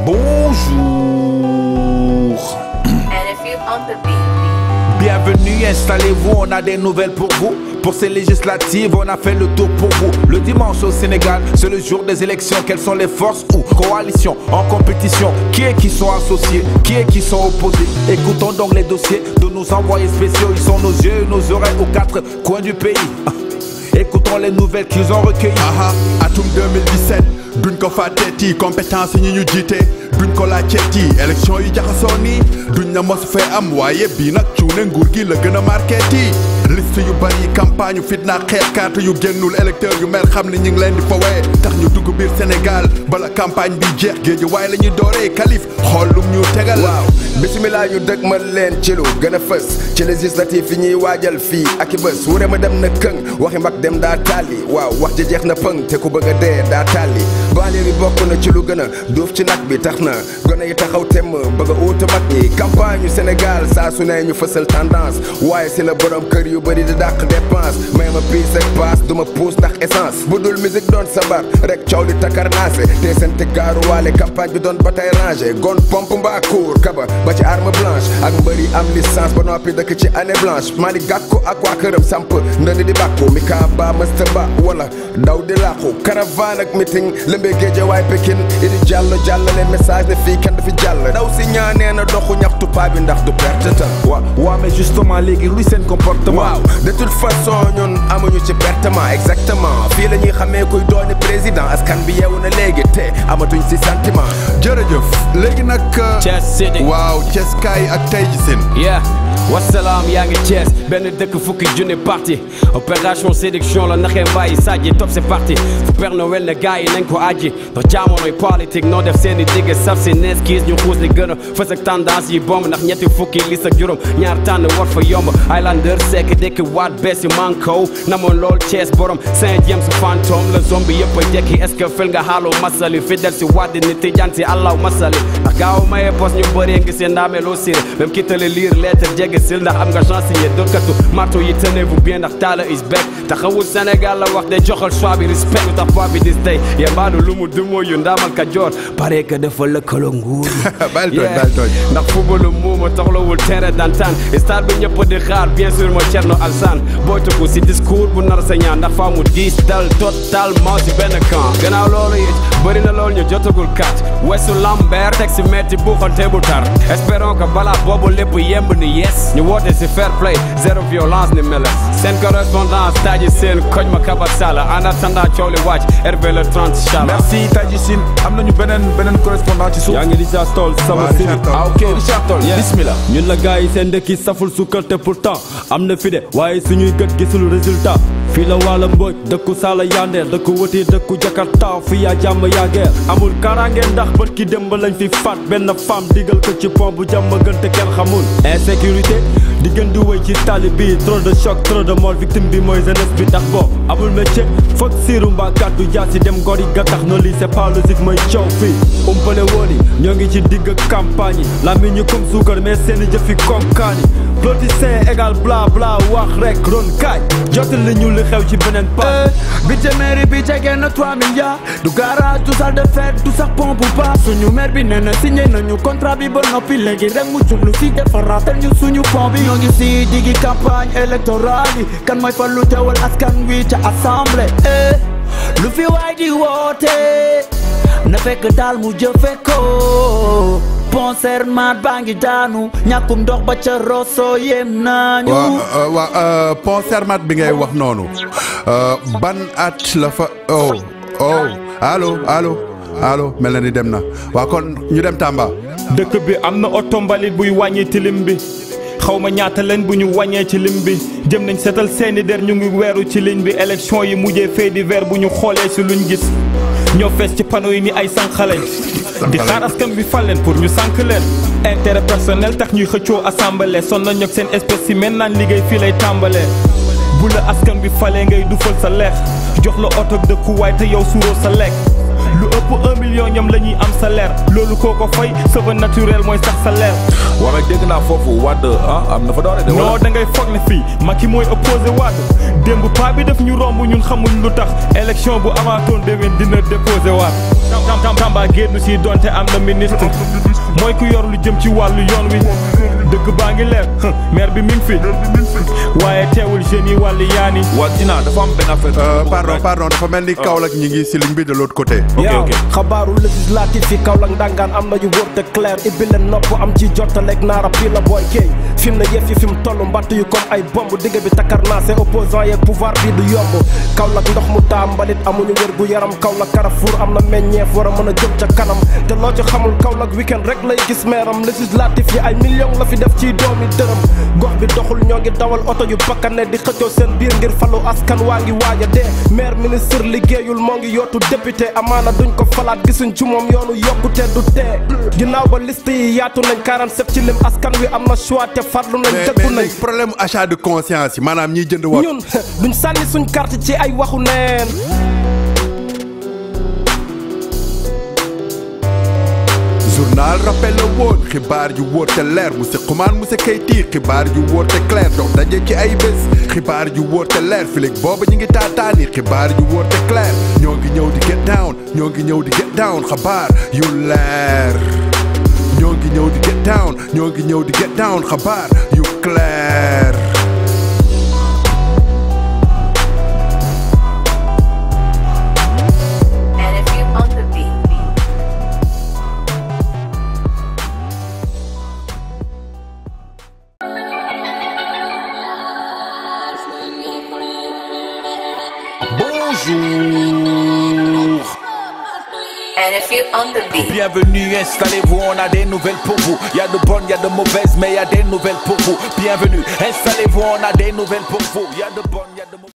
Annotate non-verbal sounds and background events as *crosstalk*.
Bonjour. Bienvenue, installez-vous, on a des nouvelles pour vous. Pour ces législatives, on a fait le tour pour vous. Le dimanche au Sénégal, c'est le jour des élections. Quelles sont les forces ou coalitions en compétition Qui est qui sont associés Qui est qui sont opposés Écoutons donc les dossiers de nos envoyés spéciaux. Ils sont nos yeux, nos oreilles aux quatre coins du pays. Ah. Écoutons les nouvelles qu'ils ont recueillies. Ah, ah. à tout 2017 duñ ko fàtteeti compétence yi ñi ñu jiite duñ ko laajteeti élection yi jaxasoo nii duñ na mos fee am waaye bii nag cuune nguur gi la gën a marqué ti liste yu bari campagne you fitna xeex carte yu génnul électeur yu mer xam ni ñu ngi leen di fawee tax ñu dugg biir Sénégal bala campagne bi jeex waaye la ñuy kalif xool lum ñu tegal. waaw bismillah ñu dëgmal ci lu gën a fës ci législatif yi ñuy waajal fii ak i ma dem na këng waxi mag dem daa waaw wax ji jeex na te ku bëgg a dee daa bi bokk na ci lu gën a ci nag bi taxaw campagne Sénégal su tendance yu bari di dàq dépense may ma piis ak paas du ma pousse ndax essence bu dul musique doon sabar rek coow li takar naase te sente gaaruwaale campagne bi doon bataay rangé gon pompe mbaa cour kaba ba ci arme blanche ak bari am licence ba nopi dëkk ci année blanche Mali gàkku ak waa këram samp ndënd di bàkku mi kaa ba mësta ba wala ndaw di làqu caravane ak meeting lëmbee way Pekin idi jallo jàllale message de fi kenn fi jall ndaw si ñaanee na doxu ñaxtu pa bi ndax du perte ta wa wa mais justement lui luy seen comportement waaw de toute façon ñun amuñu ci pertement exactement fii la ñuy xamee kuy doone président askan bi yeewu na léegi te amatuñ si sentiment jërëjëf léegi nag Thiès Sénégal waaw Thiès kaay ak tey ji seen wasalaam yaa ngi Thiès benn dëkk fukki junne parti opération séduction la naxee bàyyi sàjji top c'est parti fu Père Noël ne gars yi nañ ko aji ndax jamonoy politique noo def seen i digge saf si nees kiis ñu xuus li gën a fës ak tendance bomb ndax ñetti fukki lis ak juróom ñaar tànn war fa yomb Highlander sekk dëkk waat bees yi mankow namoon lool Thiès borom Saint James fantôme la zombie yëpp a jekki est que fel nga xaaloo masali fidèle si waat di si àllaw masali gaaw maye pos ñu bëree ngi seen ndaameloo séer même ki tale lire lettre jege sil ndax am nga chance signé dëkkatu marteau yi tenez vous bien ndax taala is back taxawul Sénégal la wax de joxal choix bi respect lu tax poids bi dis tey yembaanu lu mu dumoo yu ndaamal ka joor pare que dafa lëkkaloo nguur *laughs* ndax footballu muuma toxlawul terrain d'entente stade bi ñëpp di xaar bien sûr moo Thierno Alassane booy tukku si discours bu nar sa ñaan ndax faa mu diis dal totalement si metti buuxante bu tar espérons que balaa boobu lépp yemb ni yes ñu woote si fair play zéro violence ni mel seen correspondance Taji Seen koñ ma Kaba Sall en attendant coow li wàcc RV le 30 inchallah merci Taji Seen am nañu beneen beneen correspondant ci suuf yaa ngi Richard Toll sama sëriñ ah ok bismillah ñun la gars yi seen dëkki saful sukkal te pourtant am na fi de waaye suñuy gët gisul résultat fii la wàlla mbóoj dëkku saala yandeer dëkku wëtiir dëkku jakarta fi yaa jàmm yaageer amul karange ndax bët ki démb lañ fi faat benn femme digal ko ci pont bu jàmm gën te kenn xamul insécurité di gën di wéy ci tali bi trop de choc trop de mort victime bi mooy jeunesse bi ndax boo amul métier foog siiru mbaa kàddu jaa si dem ngor yi gattax no lii c'est pas logique mooy coow fii umpale yi ñoo ngi ci digg campagne yi lami ñu comme suukar mais seeni jëfi politicien égal bla bla wax rek ron kaay jotal li ñu li xew ci beneen pa bi téeméeri bi jege na 3 milliards du du salle de fête du sax pont bu baax suñu maire bi nee na signé nañu contrat bi ba noppi léegi rek mu jublu si defaraatal ñu suñu pont bi ñoo ngi si diggi campagne électorale yi kan mooy fa lu teewal askan wi ca assemblée eh, lu fi waay di woote na fekk daal mu jëfe ko concert maat baa ngi daanu ñàkkum ndox ba ca roso yem nañu. waaw euh, waaw concert euh, maat bi ngay wax noonu euh, ban at la fa oh oh allo allo allo mel na ni dem na waa kon ñu dem Tamba. dëkk bi am na oto mbalit buy wàññi tilim bi. xaw ma ñaata leen bu ñu wàññee ci lim bi jëm nañ seetal seeni der ñu ngi weeru ci ligne bi élection yi mujjee fee di weer bu ñu xoolee si luñ gis ñoo fees ci panneau ni ay sànq lañ di xaar askan bi pour ñu sànq leen intérêt personnel tax ñuy xëccoo assemblée son na ñoog seen espèce yi mel naan liggéey fii lay tàmbalee bu la askan bi falee ngay dufal sa leex jox la oto dëkkuwaay te yow suuroo sa lu ëpp un million ñam la am salaire loolu koo ko fay naturel mooy sax salaire. waaye dégg naa foofu Wade ah am na fa de. non da ngay foog ne fii mooy opposé démb paa bi def ñu romb ñun xamuñ lu tax élection bu amaatoon déwén dina déposé waat Tamba génn si donte am na ministre mooy ku yor lu jëm ci wàllu yoon wi dëgg baa ngi leer maire bi mi ngi fi waaye teewul jeunes yi wàllu yaani wàccinaa dafa am benn euh, pardon dafa mel ni ah. Kaolack ñi ngi si ligne bi de l'autre côté yaaw xabaaru législatif yi Kaolack ndangaan am nañu wër de clair ibbi leen nopp am ci jottaleeg naara pii la booy kay fi mu ne yi fi mu toll yu comme ay bomb digg bi takkar naa seen opposant yeeg pouvoir bi du yomb Kaolack ndox mu taa mbalit amuñu wér gu yaram Kaolack Carrefour am na meññeef war a mën a jëm def ci doomi dërëm gox bi doxul ñoo ngi dawal oto yu bakkane di xëccoo seen biir ngir falu askan waa ngi waaj a dee maire ministre liggéeyul moo ngi yootu député amaana duñ ko falaat gisuñ ci moom yoonu yokkute du tee ginnaaw ba liste yi yaatu nañ 47 ci lim askan wi am na choix te farlu nañ dëggu nañ problème achat de conscience yi maanaam ñiy jënd wa ñun duñ sànni suñ carte ci ay waxu neen journal rappel la woon xibaar yu wóor te leer monsieur Xuman monsieur Keyti xibaar yu wóor te clair dox daje ci ay bés xibaar yu wóor te leer filig booba ñu ngi taataani xibaar yu wóor te clair ñoo ngi ñëw di get down ñoo ngi ñëw di get down xabaar yu leer ñoo ngi ñëw di get down ñoo ngi ñëw di get down xabaar yu clair Bienvenue, installez-vous, on a des nouvelles pour vous. Il y a de bonnes, il y a de mauvaises, mais il y a des nouvelles pour vous. Bienvenue, installez-vous, on a des nouvelles pour vous. Il y a de bonnes, il y a de mauvaises.